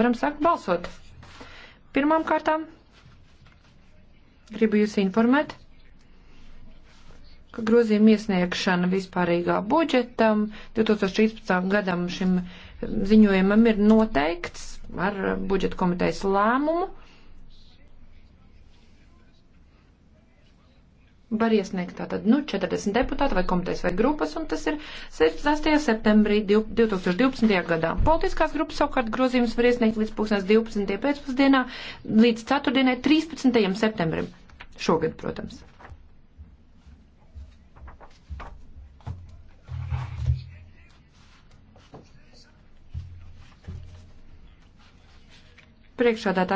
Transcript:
Varam sākt balsot. Pirmām kārtām gribu jūs informēt, ka grozījuma iesniegšana vispārīgā budžetam 2013. gadam šim ziņojumam ir noteikts ar budžeta komitejas lēmumu. var iesniegt tātad, nu, 40 deputāti vai komitejas vai grupas, un tas ir 6. septembrī 2012. gadā. Politiskās grupas savukārt grozījums var iesniegt līdz 2012. pēcpusdienā, līdz 4. 13. septembrim. Šogad, protams. Priekšādātā